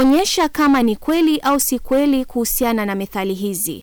Onyesha kama ni kweli au si kweli kuhusiana na methali hizi.